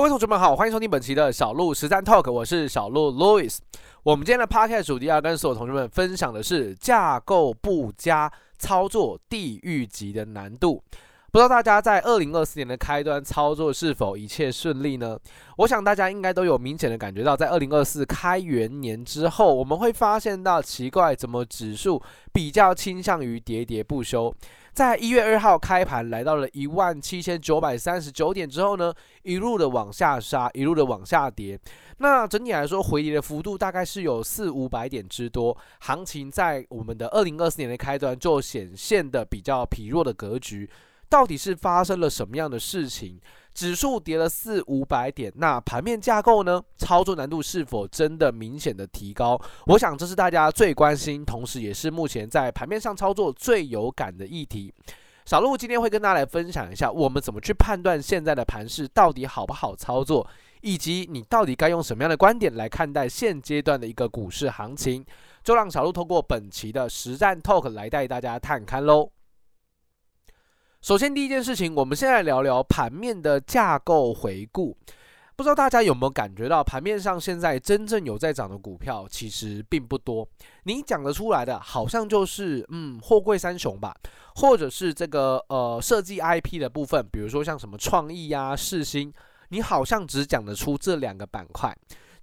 各位同學們好，歡迎收聽本期的小鹿十三 Talk，我是小鹿 Louis。我們今天的 Podcast 主題要跟所有同學們分享的是架構不佳、操作地獄級的難度。不知道大家在二零二四年的開端操作是否一切順利呢？我想大家應該都有明顯的感覺到，在二零二四開元年之後，我們會發現到奇怪，怎麼指數比較傾向於跌跌不休？在一月二號開盤來到了一萬七千九百三十九點之後呢，一路的往下殺，一路的往下跌。那整體來說，回跌的幅度大概是有四五百點之多，行情在我們的二零二四年的開端就顯現的比較疲弱的格局。到底是發生了什麼樣的事情？指數跌了四五百點，那盤面架構呢？操作難度是否真的明顯的提高？我想這是大家最關心，同時也是目前在盤面上操作最有感的議題。小鹿今天會跟大家來分享一下，我們怎麼去判斷現在的盤勢到底好不好操作，以及你到底該用什麼樣的觀點來看待現階段的一個股市行情。就讓小鹿通過本期的實戰 Talk 來帶大家探看嘍。首先，第一件事情，我們先來聊聊盤面的架構回顧。不知道大家有沒有感覺到，盤面上現在真正有在漲的股票其實並不多。你講得出來的，好像就是嗯，貨櫃三雄吧，或者是這個呃設計 IP 的部分，比如說像什麼創意呀、啊、世芯，你好像只講得出這兩個板塊。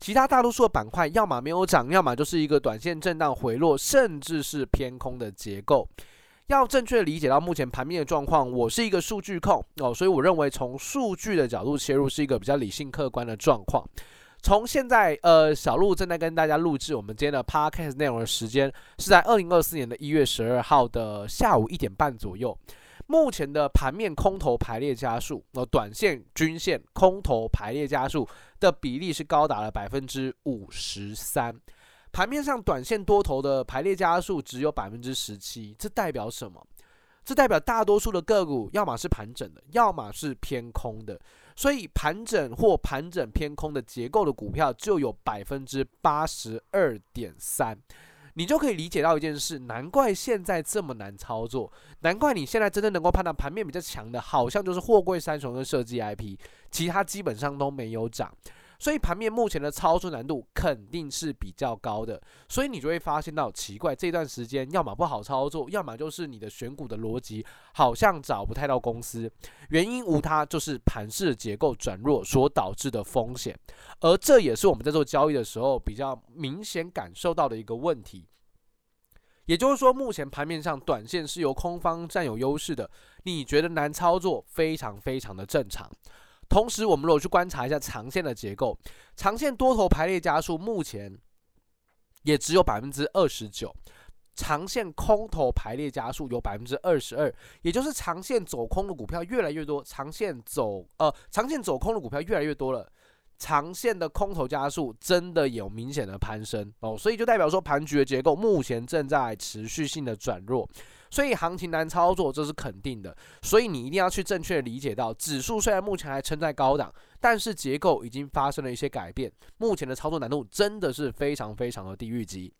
其他大多數的板塊，要麼沒有漲，要麼就是一個短線震盪回落，甚至是偏空的結構。要正確理解到目前盤面的狀況，我是一個數據控哦，所以我認為從數據的角度切入是一個比較理性客觀的狀況。從現在呃，小鹿正在跟大家錄製我們今天的 podcast 內容的時間是在二零二四年的一月十二號的下午一點半左右。目前的盤面空頭排列加速，哦、呃，短線均線空頭排列加速的比例是高達了百分之五十三。盤面上，短線多頭的排列家數只有百分之十七，這代表什麼？這代表大多數的個股要麼是盤整的，要麼是偏空的。所以盤整或盤整偏空的結構的股票就有百分之八十二點三，你就可以理解到一件事，難怪現在這麼難操作，難怪你現在真的能夠判斷盤面比較強的，好像就是貨櫃三雄跟設計 IP，其他基本上都沒有漲。所以盤面目前的操作難度肯定是比較高的，所以你就會發現到奇怪，這段時間要麼不好操作，要麼就是你的選股的邏輯好像找不太到公司。原因無他，就是盤勢結構轉弱所導致的風險，而這也是我們在做交易的時候比較明顯感受到的一個問題。也就是說，目前盤面上短線是由空方佔有優勢的，你覺得難操作，非常非常的正常。同時，我們如果去觀察一下長線的結構，長線多頭排列加速目前也只有百分之二十九，長線空頭排列加速有百分之二十二，也就是長線走空的股票越來越多，長線走呃長線走空的股票越來越多了。長線的空頭加速真的有明顯的攀升哦，所以就代表說盤局的結構目前正在持續性的轉弱，所以行情難操作這是肯定的。所以你一定要去正確的理解到，指數雖然目前還撐在高檔，但是結構已經發生了一些改變，目前的操作難度真的是非常非常的地獄級。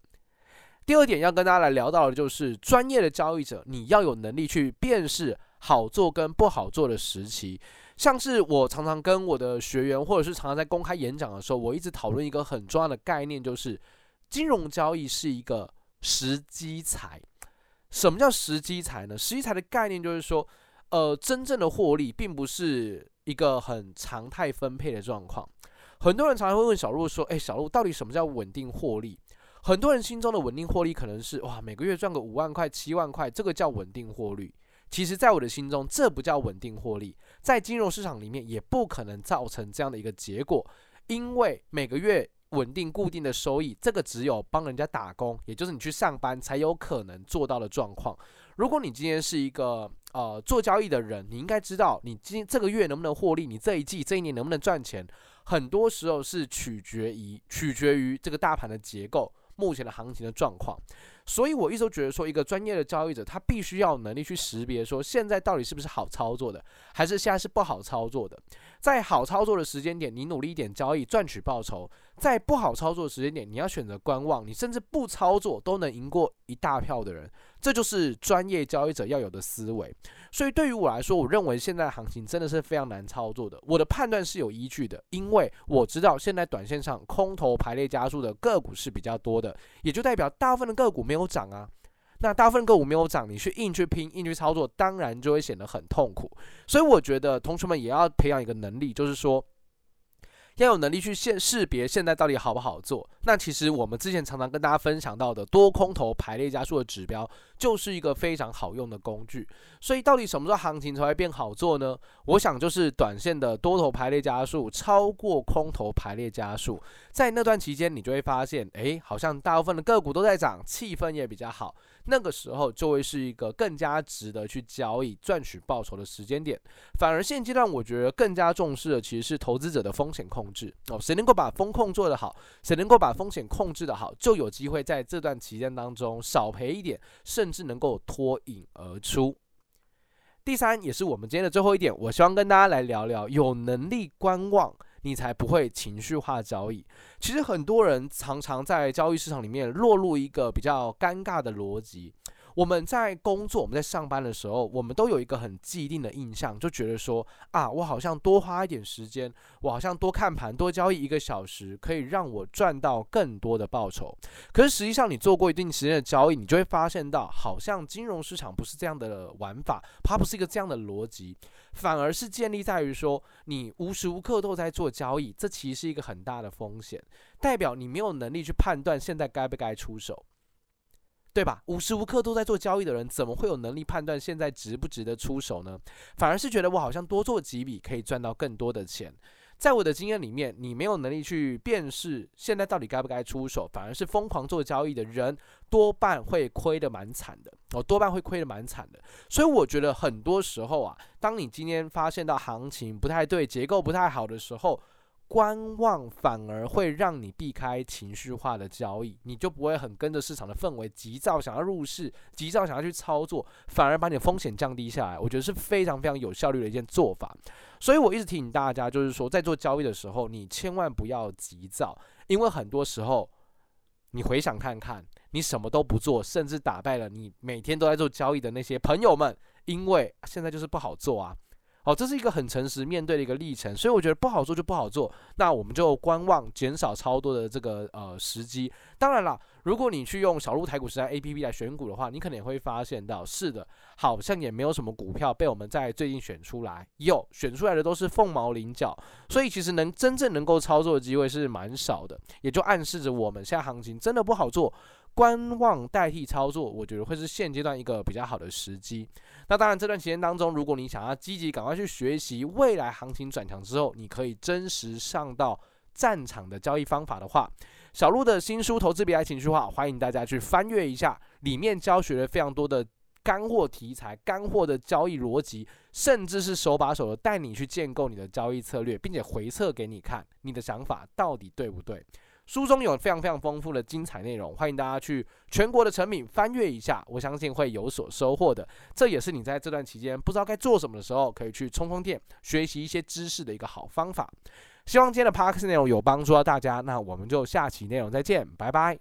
第二點要跟大家來聊到的就是專業的交易者，你要有能力去辨識好做跟不好做的時期。像是我常常跟我的學員，或者是常常在公開演講的時候，我一直討論一個很重要的概念，就是金融交易是一個時機財。什麼叫時機財呢？時機財的概念就是說，呃，真正的獲利並不是一個很常態分配的狀況。很多人常常會問小鹿說：“誒、欸，小鹿，到底什麼叫穩定獲利？”很多人心中的穩定獲利可能是哇，每個月賺個五萬塊、七萬塊，這個叫穩定獲利。其實，在我的心中，這不叫穩定獲利，在金融市場裡面也不可能造成這樣的一個結果，因為每個月穩定固定的收益，這個只有幫人家打工，也就是你去上班，才有可能做到的狀況。如果你今天是一個呃做交易的人，你應該知道你今這個月能不能獲利，你這一季、這一年能不能賺錢，很多時候是取決於取決於這個大盤的結構、目前的行情的狀況。所以我一直都覺得說，一個專業的交易者他必須要有能力去識別說，現在到底是不是好操作的，還是現在是不好操作的。在好操作的時間點，你努力一點交易賺取報酬；在不好操作的時間點，你要選擇觀望，你甚至不操作都能贏過一大票的人。這就是專業交易者要有的思維。所以對於我來說，我認為現在的行情真的是非常難操作的。我的判斷是有依據的，因為我知道現在短線上空頭排列加速的個股是比較多的，也就代表大部分的個股沒有。沒有漲啊，那大部分個股沒有漲，你去硬去拼，硬去操作，當然就會顯得很痛苦。所以我覺得同學們也要培養一個能力，就是說要有能力去現識別現在到底好不好做。那其實我們之前常常跟大家分享到的多空頭排列加速的指標。就是一個非常好用的工具，所以到底什麼時候行情才會變好做呢？我想就是短線的多頭排列加速超過空頭排列加速，在那段期間，你就會發現，哎，好像大部分的個股都在漲，氣氛也比較好，那個時候就會是一個更加值得去交易賺取報酬的時間點。反而現階段，我覺得更加重視的其實是投資者的風險控制。哦，誰能夠把風控做得好，誰能夠把風險控制得好，就有機會在這段期間當中少賠一點，甚。甚至能夠脫穎而出。第三，也是我們今天的最後一點，我希望跟大家來聊聊，有能力觀望，你才不會情緒化交易。其實很多人常常在交易市場裡面落入一個比較尷尬的邏輯。我們在工作，我們在上班的時候，我們都有一個很既定的印象，就覺得說啊，我好像多花一點時間，我好像多看盤、多交易一個小時，可以讓我賺到更多的報酬。可是實際上，你做過一定時間的交易，你就會發現到，好像金融市場不是這樣的玩法，它不是一個這樣的邏輯，反而是建立在於說，你無時無刻都在做交易，這其實是一個很大的風險，代表你沒有能力去判斷現在該不該出手。對吧？無時無刻都在做交易的人，怎麼會有能力判斷現在值不值得出手呢？反而是覺得我好像多做幾筆可以賺到更多的錢。在我的經驗裡面，你沒有能力去辨識現在到底該不該出手，反而是瘋狂做交易的人，多半會虧得蠻慘的。哦，多半會虧得蠻慘的。所以我覺得很多時候啊，當你今天發現到行情不太對，結構不太好的時候，觀望反而會讓你避開情緒化的交易，你就不會很跟着市場的氛圍急躁，想要入市，急躁想要去操作，反而把你的風險降低下來。我覺得是非常非常有效率的一件做法。所以我一直提醒大家，就是說在做交易的時候，你千萬不要急躁，因為很多時候你回想看看，你什麼都不做，甚至打敗了你每天都在做交易的那些朋友們，因為現在就是不好做啊。哦，這是一個很誠實面對的一個歷程，所以我覺得不好做就不好做，那我們就觀望，減少操作的這個呃時機。當然了，如果你去用小鹿台股實戰 APP 來選股的話，你可能也會發現到，是的，好像也沒有什麼股票被我們在最近選出來，有選出來的都是鳳毛麟角，所以其實能真正能夠操作的機會是蠻少的，也就暗示着我們現在行情真的不好做。觀望代替操作，我覺得會是現階段一個比較好的時機。那當然，這段時間當中，如果你想要積極、趕快去學習未來行情轉強之後，你可以真實上到戰場的交易方法的話，小鹿的新書《投資別來情緒化》，歡迎大家去翻閱一下，裡面教學了非常多的乾貨題材、乾貨的交易邏輯，甚至是手把手的帶你去建構你的交易策略，並且回測給你看，你的想法到底對不對。書中有非常非常豐富的精彩內容，歡迎大家去全國的誠品翻閱一下，我相信會有所收穫的。這也是你在這段期間不知道該做什麼的時候，可以去充充電、學習一些知識的一個好方法。希望今天的 Podcast 內容有幫助到大家，那我們就下期內容再見，拜拜。